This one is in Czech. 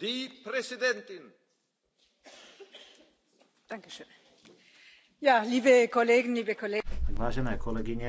die präsidentin! vážené kolegyně vážení kolegové